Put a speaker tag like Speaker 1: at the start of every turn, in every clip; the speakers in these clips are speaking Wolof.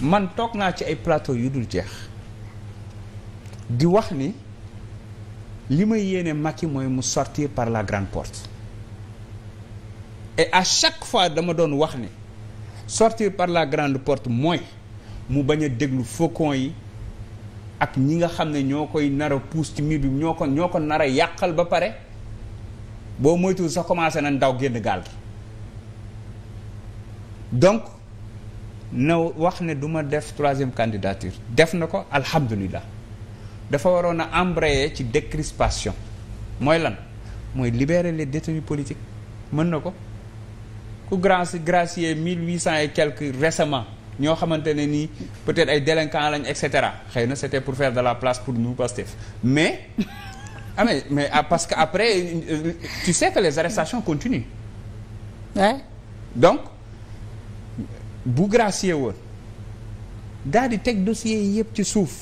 Speaker 1: man toog naa ci ay plateau yu dul jeex di wax ni li may yéene mag yi mooy mu sortir par la grande porte et à chaque fois dama doon wax ni sortir par la grande porte mooy mu bañ a déglu faucon yi ak ñi nga xam ne ñoo koy nara pousse ci mbir bi ñoo ko ñoo ko nar a yàqal ba pare boo moytuwul sax commencé na ndaw génn gaal gi donc na wax ne du ma def troisième candidature def na ko alhamdulillah dafa waroon a embrayer ci décrispation mooy lan mooy libérer les détenus politiques mën na ko ku graci gracier mille huit cent et quelques récemment ñoo xamante ne nii peut-être ay délinquants lañ et cetera xëy na c'était pour faire de la place pour nous Pastef mais ah mais mais ah, parce que après euh, euh, tu sais que les arrestations continuent donc bu gracier woon daal di teg dossier yi yëpp ci suuf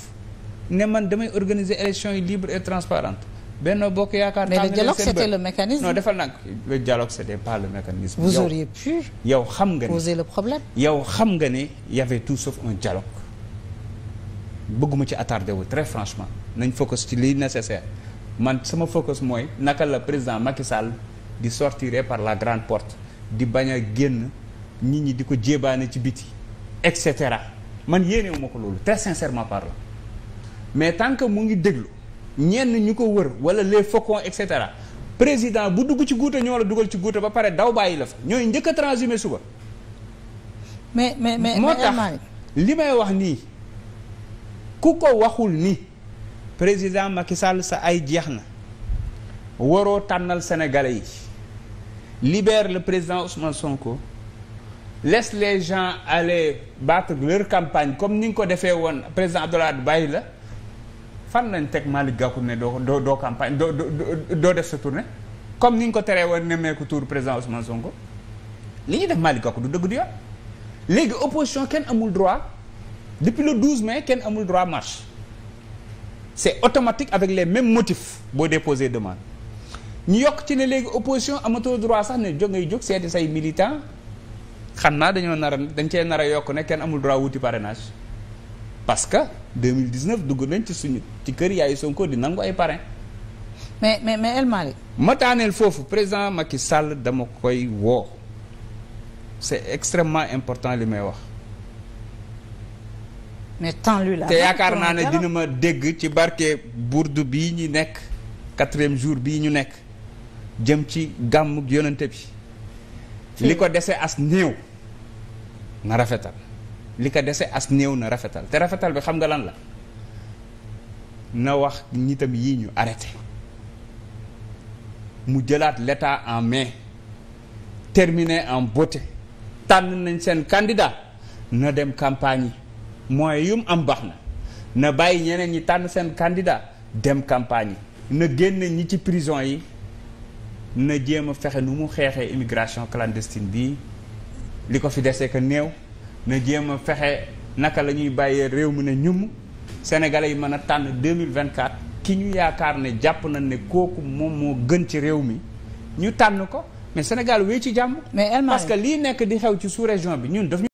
Speaker 1: ne man damay organiser élection yi libre et transparente Benno Bokk Yaakaar. mais le dialogue c'était le mécanisme. non defal nag le dialogue c'était le mécanisme. vous auriez yow xam nga ne poser le problème. yow xam nga ne y tout sauf un dialogue bëgguma ci attardé wu très franchement nañ focus ci li nécessaire man sama focus mooy naka la président Macky Sall di sortirer par la grande porte di bañ a génn. nit ñi di ko jébaane ci biti et cetera man yéenewu ma ko loolu très sincèrement parlant mais tant que mu ngi déglu ñenn ñu ko wër wala les faucons et cetera président bu dugg ci guute ñoo la dugal ci guuta ba pare daw bàyyi la fa ñooy njëkk a transhumé suba. mais mais mais moo tax li may wax nii ku ko waxul ni président Macky Sall sa ay jeex na waroo tànnal sénégalais yi libère la président Ousmane Sonko. les les gens aller battre leur campagne comme ni nga ko defee woon président Abdoulaye bàyyi la fan lañ teg Malick Gakou ne doo doo doo campagne doo doo def sa tournée comme ni nga ko teree woon nemmeeku tour président Ousmane Sonko li ñu def Malick Gakou du dëgg du yoon léegi opposition kenn amul droit depuis le 12 mais kenn amul droit marche c'est automatique avec les mêmes motifs boo déposer demande ñu yokk ci ne léegi opposition amatoo droit sax ne ngay jóg seeti say militants xam naa dañoo nara dañ cee nar a yokk ne kenn amul droit wuti parrainage parce que 2019 dugg nañ ci suñu ci kër yaayu Sonko di nangu ay parrain. mais mais mais foofu président Macky Sall dama koy woo c'est extrêmement important li may wax. mais temps lui la te yaakaar naa ne dina ma dégg ci barke burdu bi ñu nekk quatrième jour bii ñu nekk jëm ci gàmm yonante bi. li ko dese as néew na rafetal li ko dese as néew na rafetal te rafetal bi xam nga lan la na wax nitam yi ñu arrêté mu jëlaat l'état en mais terminé en beauté tànn nañ seen candidat na dem campagne yi mooy yum am baax na na bàyyi ñeneen ñi tànn seen candidat dem campagne na génn ñi ci prison yi na jéem a fexe nu mu xeexee immigration clandestine bi li ko fi desee que néew na jéem a fexe naka la ñuy bàyyee réew mi ne ñum sénégalais yi mën a tànn 2024 ki ñu yaakaar ne jàpp nañ ne kooku moom moo gën ci réew mi ñu tànn ko mais Sénégal wéy ci jàmm. mais parce nekk di xew ci sous région bi ñun daf